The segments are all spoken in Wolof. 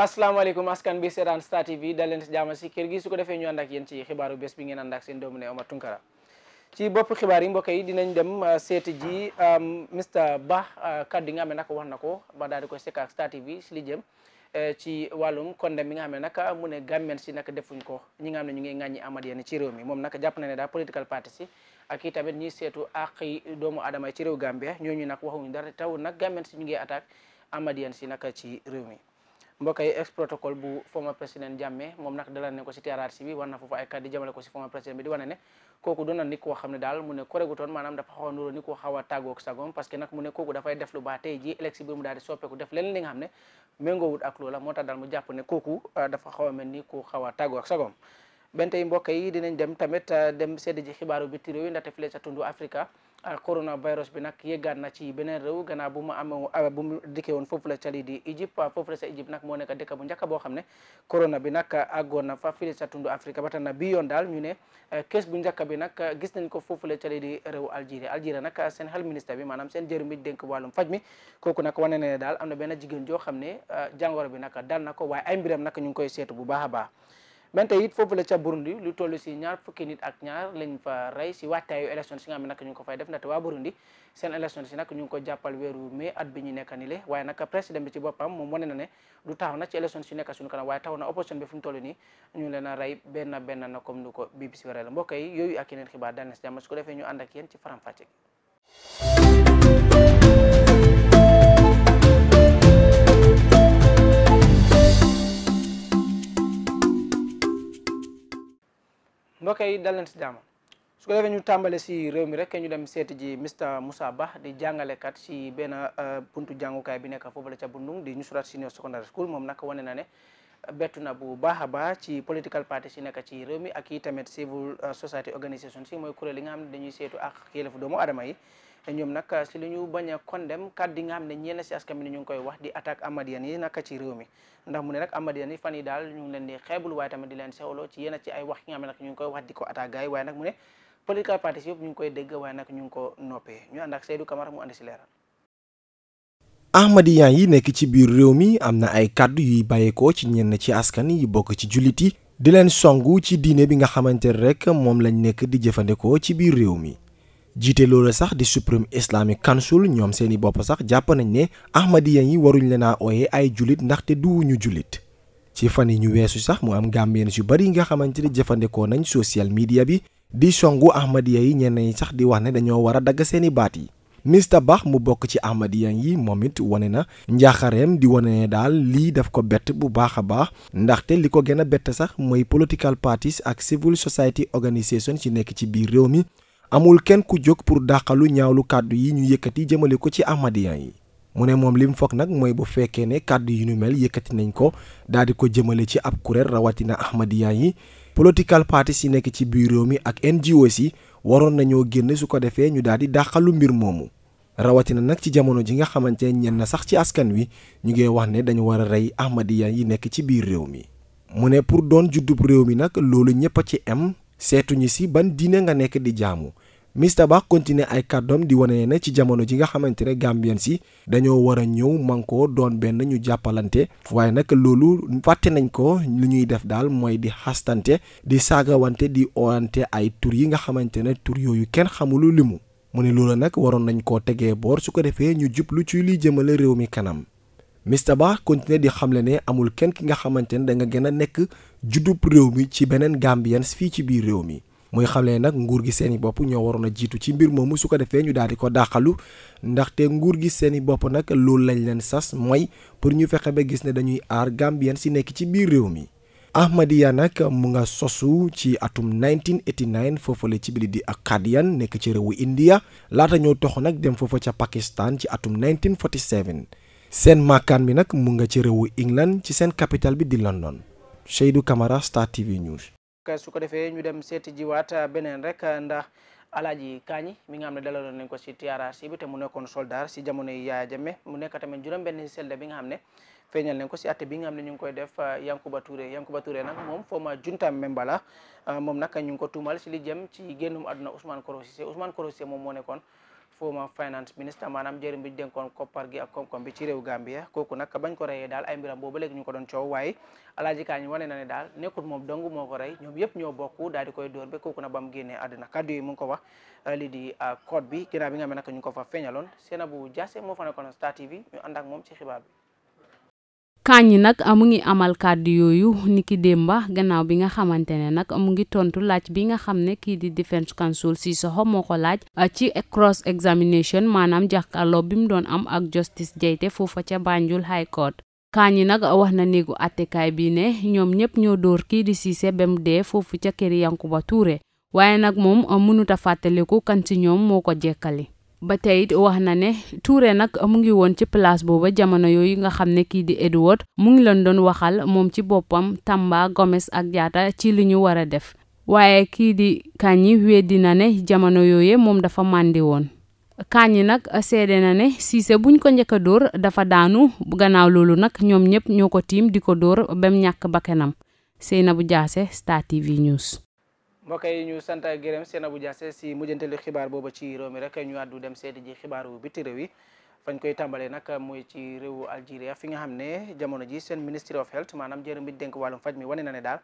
asalaamaaleykum askan bi seetaan Star TV dal leen si jàmm si kër gi su defee ñu ànd ak yéen ci xibaaru bés bi ngeen ànd ak seen ne Omar Tunkara bopp xibaar yi mbokk yi dinañ dem uh, seeti ji Mr um, Bah uh, kaddu yi nga xam ne nag wax na ko ba daal di koy sekk ak Star si li jëm uh, ci wàllum condamné bi nga xam ne nag mu ne gàmmeen si nag defuñ ko ñi nga xam ne ñu ngi ŋàññi amat yenn ci réew mi moom nag jàpp na ne daal political party si ak i tamit ñiy seetu àq yi doomu aadama ci réew Gambia ñooñu nag waxuñu dara taw nag gàmmeen si ñu ngi attaque amat si nag ci réew mi mbokk yi ex protocole bu former président Jammeh moom nag dalal ko si TRRC bi war na foofu ay kàddu jëmale ko si former président bi di wane ne kooku xam ne daal mu ne korégutoon maanaam dafa xaw a nuroo ni ko sagoom parce que nag mu dafay def lu baax mu daal di def leneen xam ne méngoowut ak loola moo daal mu jàpp ne kooku euh, dafa xaw a ni ku xaw a sagoom benn tey mbokk yi dinañ dem tamit euh, dem seddi ji xibaaru bitim réew coronavirus bi nag yeggaat na ci beneen réew gannaaw bu mu amee euh, bu mu dikkee woon foofu la cali di Egypte foofu la sa moo nekk dëkk bu njëkk boo xam ne corona bi nag àggoon na fa fii sa tundu Afrique ba tax na bi yoon daal ñu ne euh, kees bu njëkk bi nag gis nañ ko foofu la cali di réew Algérie Algérie nag seen xel ministre bi maanaam seen jëriñ bi dénk wàllum faj mi kooku nag wane ne daal am na benn jigéen joo xam ne euh, jàngoro bi nag dal na ko waaye ay mbiram nak ñu ngi koy seetu bu baax a baax wante it foofu la ca Burundi lu toll si ñaar fukki nit ak ñaar lañ fa rey si waajtaayu élection si nga xam ne nag ko fay def ndaxte waa Burundi seen élection si nag ñu ngi ko jàppal weeru mai at bi ñu nekk ni le waaye nag président bi ci boppam moom wane na ne du taxaw na ci élection si nekk suñu kanam waaye taxaw na opposition bi fu mu toll nii ñu a rey benn benn na comme ni ko BBC waree la yooyu ak yeneen xibaar dal na si jàmm su ko defee ñu ànd ak yéen ci mbokk yi dal leen si jàmm su defee ñu tàmbale si réew mi rek ñu dem seeti ji Mr Moussa baax di kat si benn euh, buntu jàngukaay bi nekk foofu la ca Bundung di Nusrat Senior Secondary School moom nag wane na ne bettu na bu baax a baax ci political party si nekk ci réew mi ak i tamit civil euh, society organisation si mooy kuréel li nga xam ne dañuy seetu ak yelleefu doomu adama yi ñoom nag si li ñu bañ a dem kàddu yi nga xam ne ñenn si askan bi ñu ngi koy wax di attaque amadiyan yi naka ci réew mi ndax mu ne nag amadiyan yi fan yi daal ñu ngi leen di xeebul leen sewloo ci yenn ci ay wax yi nga xam ne nag ko attaque gars yi waaye nag mu ne political koy dégg waaye nag ngi ko noppee ñu ànd ak Seydou Camara mu ànd si leeral ahmadiyaan yi nekk ci biir réew mi am na ay kàddu yuy bàyyeekoo ci ñenn ci askan yi bokk ci jullit yi di leen songu ci diine bi nga xamante rek moom lañ nekk di jëfandikoo ci biir réew mi jiite loolu sax di Supreme Islamic Council ñoom seeni bopp sax jàpp nañ ne ahmadiya yi waruñ leen a ooyee ay jullit ndaxte duwuñu jullit ci fan yi ñu weesu sax mu am gàmbeen yu bari nga xamante ni jëfandikoo nañ social media bi di songu ahmadiya yi ñenn ñi sax di wax ne dañoo war a dagg seeni baat yi Mr Bah mu bokk ci ahmadiya yi moom it wane na njaaxareem di wane ne daal lii daf ko bett bu baax a baax ndaxte li ko gën a bett sax mooy political parties ak civil society organisation ci nekk ci biir réew mi amul kenn ku jóg pour dàqalu ñaawlu kàddu yi ñu yëkkati jëmale ko ci ahmadiyan yi mu ne moom li mu foog nag mooy bu fekkee ne kàddu yi ñu mel yëkkati nañ ko daal di ko jëmale ci ab kuréel rawatina ahmadiyan yi political parties yi nekk ci biir réew mi ak NGOs si waroon nañoo génn su ko defee ñu daal di dàqalu mbir moomu rawatina nag ci jamono ji nga xamante ne ñenn sax ci askan wi ñu ngi wax ne dañu war a rey ahmadiyan yi nekk ci biir réew mi mu ne pour doon juddub réew mi nag loolu ñëpp a ci am seetuñu si ban diine nga nekk di jaamu Mister Ba continuer ay kàddoom di wane ne ci jamono ji nga xamante ne Gambien si dañoo war a ñëw mànkoo doon benn ñu jàppalante waaye nag loolu fàtte nañ ko lu ñuy def daal mooy di xastante di saagawante di oante ay tur yi nga xamante ne tur yooyu kenn xamulu limu mu ne loola nag waroon nañ koo tegee boor su ko defee ñu jublu ci liy jëmale réew mi kanam. Mister Ba continué di xamle ne amul kenn ki nga xamante ne da nga gën a nekk juddub réew mi ci beneen Gambien fii ci biir réew mi muy xamle nag nguur gi seeni bopp ñoo waroon a jiitu ci mbir moomu su ko defee ñu daal di ko dàqalu ndaxte nguur gi seeni bopp nag loolu lañ leen sas mooy pour ñu fexe ba gis ne dañuy aar Gambien si nekk ci biir réew mi. Ahmadiyya nag mu nga sosu ci atum 1989 foofale ci bili di Akkadian nekk ci réewu India laata ñoo tox nag dem foofa ca Pakistan ci atum 1947. seen màkkaan bi nag mu nga ci réewu England ci seen capital bi di London Seydou Camara Star TV News. su ko defee ñu dem seeti jiwaat beneen rek ndax alaaji Kaañi mi nga xam ne dalaloon nañ ko si TRRC bi te mu nekkoon soldaar si jamono yi Yaya Jammeh mu nekk tamit juróom-benn soldat bi nga xam ne feeñal nañ ko si atte bi nga xam ne ñu ngi koy def ah, Yankuba Touré Yankuba Touré nag moom former juntam member la ah, moom nag ñu ngi ko tuumal si li jëm ci génnum àdduna Ousmane Koro Cissé Ousmane moom moo nekkoon. former finance minister maanaam jëriñ bi dénkoon koppar gi ak koom-koom bi ci réew Gambia kooku nag bañ ko reyee daal ay mbiram boobu léegi ñu ko doon coow waaye alaaji kaa ñi wane na ne daal nekkul moom dong ko rey ñoom yëpp ñoo bokk daal koy dóor ba kooku nag ba mu génnee àddina kàddu yi mu ngi euh, euh, code bi ginnaaw bi nga xam ne nag ko fa feeñaloon Seynabou Jasseh moo fa nekkoon Star TV ñu ànd moom ci xibaar Kandji nag mu ngi amal kàddu yooyu niki démba gannaaw bi nga xamante ne nag mu ngi tontu laaj bi nga xam ne kii di Defence si Sissoko moo ko laaj ah, ci cross examination maanaam jàkkaarloo bi mu doon am ak Justice Jayte foofa ca Banjul High Court yi nag wax na néegu attekaay bi ne ñoom ñëpp ñoo dóor kii di Ceesay sebem mu dee foofu ca kër këri ba tuure waaye nag moom mënut a fàttaliku kan ci ñoom moo ko jekkali ba tey it wax na ne Touré nag mu ngi woon ci place booba jamono yooyu nga xam ne kii di Edward mu ngi leen doon waxal moom ci boppam Tamba Gomes ak jaata ci li ñu war a def waaye kii di Kandji weddi na ne jamono yooye moom dafa màndi woon Kandji nag seede na ne Cissé buñ ko njëkk dóor dafa daanu gannaaw loolu nag ñoom ñëpp ñoo ko tiim di ko dóor bam ñàkk bakkanam bu Jasseh Star TV News mbokk yi ñu sant ak gërëm Seynabou Diassé si mujjantali xibaar boobu ci réew mi rek ñu àddu dem seeti ji xibaaru biti réew yi fañ koy tàmbalee nag mooy ci réewu Algérie fi nga xam ne jamono ji seen ministry of health maanaam jërëm bi dénk wàllum faj mi wane na ne daal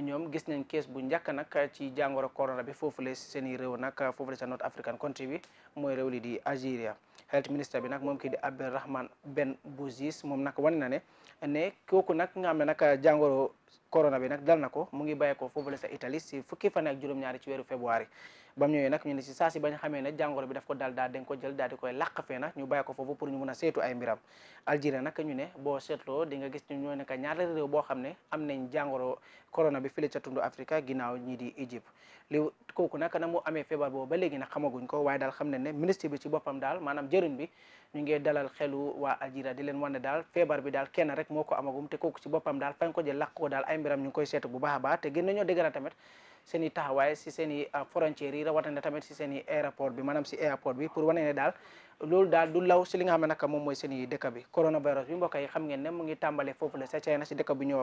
ñoom gis nañ kees bu njëkk nag ci jàngoro corona bi foofu la seen i réew nag foofu la sa North African country bi mooy réew li di Algeria health minister bi nag moom kii di Abdelrahman Ben Bouzid moom nag wane na ne ne kooku nag nga xam ne nag jàngoro corona bi nag dal na ko mu ngi bàyyeekoo foofu la sa Italie si fukki fan ak juróom-ñaari ci weeru février ba mu ñëwee nag ñu ne si saa si bañ xamee ne jàngoro bi daf ko dal daal dañ ko jël daal di koy làq fee nag ñu bàyyi ko foofu pour ñu mun a seetu ay mbiram Algérie ne boo seetloo di gis ñu ñoo nekk ñaari réew boo xam ne am nañ jàngoro corona bi fële ca tundu Afrique ginnaaw ñii di Égypte li kooku na mu amee feebar boobu ba léegi nag xamaguñ ko waaye daal xam ne ne ministre bi ci boppam daal maanaam jëriñ bi ñu ngi dalal xelu waa Algérie di leen wan ne daal feebar bi daal kenn rek moo ko amagum te kooku ci boppam daal ko jël làq ko daal ay mbiram ñu ngi koy seetu bu baax a baax te gën a dëgëral tamit seen i taxawaay si seen i euh, frontières yi rawatina tamit si seen i aéroport bi maanaam si aéroport bi pour wane ne daal loolu daal du law si li nga xam ne nag moom mooy seen i dëkk bi coronavirus bi mbokk yi xam ngeen ne mu ngi tàmbale foofu la sa China si dëkk bu ñëw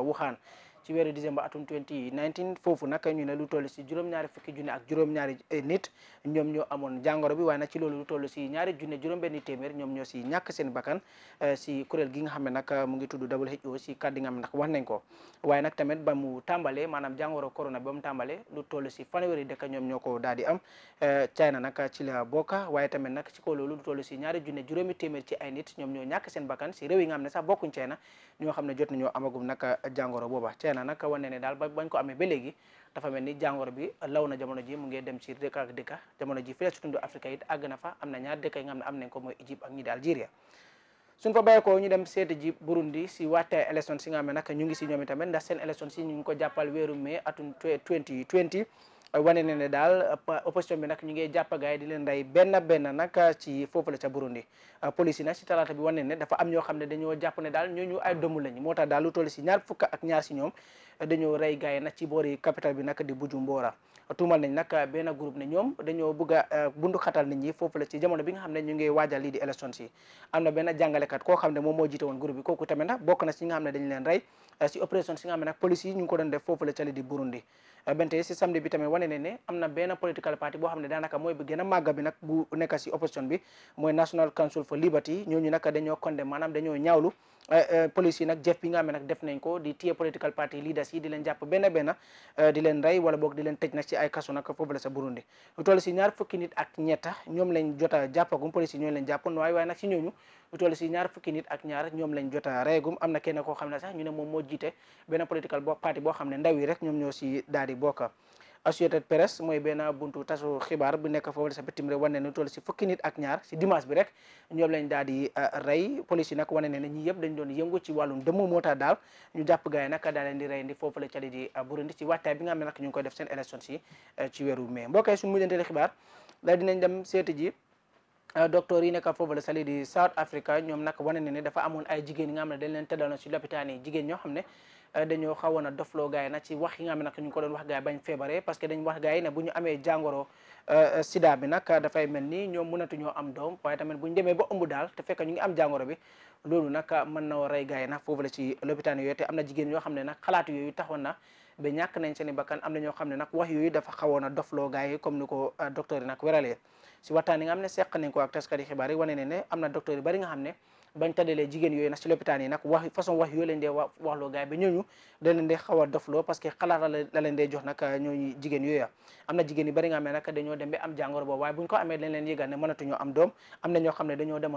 ci weeru décembre atum 2019 foofu nag ñu ne lu toll si juróom-ñaari fukki junne ak juróom-ñaari eh, nit ñoom ñoo amoon jàngoro bi waaye nag ci loolu lu toll si ñaari junne juróom-benn ñoom ñoo si ñàkk seen bakkan eh, si kuréel nga xam ne nag eh, mu ngi tudd WHO si kàddi nga xam nag wax nañ ko waaye nag tamit ba mu tàmbalee maanaam jàngoro corona bi ba mu tàmbalee lu toll si fanweeri dëkk ñoom ñoo ko daal di am China nag ci la bokk waaye tamit nag ci ko loolu lu toll si ñaari junne juróomi téeméer ci ay nit ñoom ñoo ñàkk seen bakkan si réew yi nga ne sax bokkuñ China ñoo xam ne jot nañoo amagum nag jàngoro booba na nag wane ne daal ba bañ ko amee ba léegi dafa mel ni jàngoro bi law na jamono ji mu ngi dem ci dëkk ak ji fii ci tundu Afrique it àgg na fa am na ñaar dëkk yi nga xam ne am nañ ko mooy Égypte ak ñi di Algérie suñ ko bàyyeekoo ñu dem seeti ji Burundi si waatee élection si nga xam ne nag ngi si ñoom itamit da seen élection si ñu ngi ko jàppal weeru mai atum 2020 wane na ne daal opposition bi nag ñu ngi jàpp gaay di leen rey benn benn nag ah, ci foofu la ca Burundi ah, police yi nag ci talaata bi wane ne dafa am ñoo xam ne dañoo jàpp ne daal ñooñu ay doomu lañ moo tax daal lu toll si ñaar fukk ak ñaar si ñoom ah, dañoo rey gaay nag ci boori capital bi nag di Bujumbura tuumal nañ nag euh, benn groupe ne ñoom dañoo bëgg a euh, bundu xatal nit ñi foofu la ci jamono bi nga xam ne ñu ngi waajal lii di si am na benn jàngalekat koo xam ne moom moo woon groupe bi euh, yi ñu ngi ko doon def tamit wane ne na si opposition bi mooy National Council for Liberty ñooñu nag dañoo condamné maanaam dañoo ñaawlu Eh, eh, police yi nag jëf bi nga xam ne nag def nañ ko di téye political party leaders yi di leen jàpp benn benn eh, di leen rey wala boog di leen tëj nag ci ay kaso nag foofu la sa Burundi lu toll si ñaar fukki nit ak ñetta ñoom lañ jot a jàppagum police yi ñoo leen jàpp waaye waaye nag si ñooñu lu si ñaar fukki nit ak ñaar ñoom lañ jot a reegum am na kenn koo xam ne sax ñu ne moom moo jiite benn political party boo xam ne ndaw yi rek ñoom ñoo si daal di bokk Associated Press mooy benn buntu tasu xibaar bu nekk foofu sa bitim réew wane ne toll si fukki nit ak ñaar si dimanche bi rek ñoom lañ daal uh, rey police yi nag wane ne ne ñi yëpp dañ doon yëngu ci wàllum dëmm moo tax daal ñu jàpp gaay nag daal leen di rey ndi foofu la cali di uh, Burundi ci waajtaay bi nga ne nag ñu ngi koy def seen élection uh, ci weeru mai mbokk yi suñu mujjanteeli xibaar daal dinañ dem seeti ji docteur yi nekk foofu la sali di South Africa ñoom nag wane ne ne dafa amoon jigéen yi nga xam ne dañ leen tëddaloon si lopitaan yi jigéen ñoo xam ne Euh, dañoo xawoon a dofloo gars yi nag ci wax yi nga xam ne nag ñu ko doon wax gars yi bañ feebaree parce que dañ wax gars yi ne bu ñu amee jàngoro euh, euh, sida bi nag dafay mel ni ñoom mënatuñoo am doom waaye tamit bu ñu demee ba ëmb daal te fekk ñu ngi am jàngoro bi loolu nag mën na rey gars yi nag foofu la ci lopitaan yooyu te am na jigéen yoo xam ne nag xalaatu yooyu taxoon na ñàkk nañ seen i am na ñoo xam ne nag wax yooyu dafa xawoon a dofloo gars yi comme ni ko docteur yi nag wéralee si waxtaan yi nga xam ne seq nañ ko ak taskati xibaar yi wane ne ne am na docteur yu bari nga xam ne bañ tëddalee jigéen yooyu nag ci lopitaan yi nag wax façon wax yoo leen dee wax waxloo gaay ba ñooñu da leen dee xaw a dofloo parce que xalaat la leen dee jox nag ah, ñooñu jigéen yooyu am na jigéen yu bari nag dañoo dem ñoo xam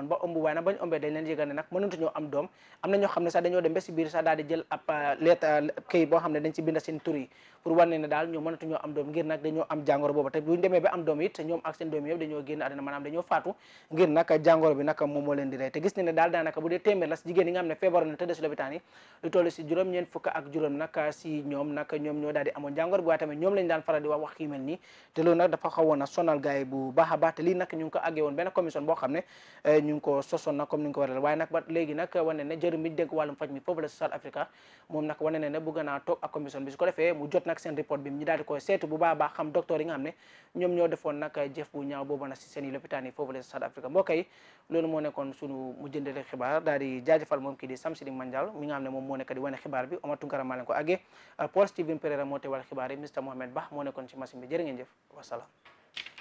ba ëmb waaye nag bañ ëmbee dañ na ñoo xam ne sax dañoo dem ba si biir sax daal di jël ab ah, lettre ah, xam ne dañ si binda seen pour wane daal ñoo mënatuñoo am doom ngir nag dañoo am jàngoro boobu te buñ demee ba am doom it ñoom ak seen doom yëpp dañoo daal daanaka bu dee téeméer la si jigéen lu toll si juróom ñeent fukk ak juróom nag si ñoom nag ñoom ñoo daal amoon jàngoor bi waaye tamit ñoom ko àggee woon eh, ko sosoon ko waral waaye mu nekkoon sunu mujjënd jottali xibaar daal di jaajëfal moom kii di Samsiding Mandial mi nga xam ne moom moo nekk wane xibaar bi Omar Tunkara maa ko àggee Paul Steven Pereira moo teewal xibaar yi Mr Mohamed Bah moo nekkoon ci machine bi jërë ngeen jëf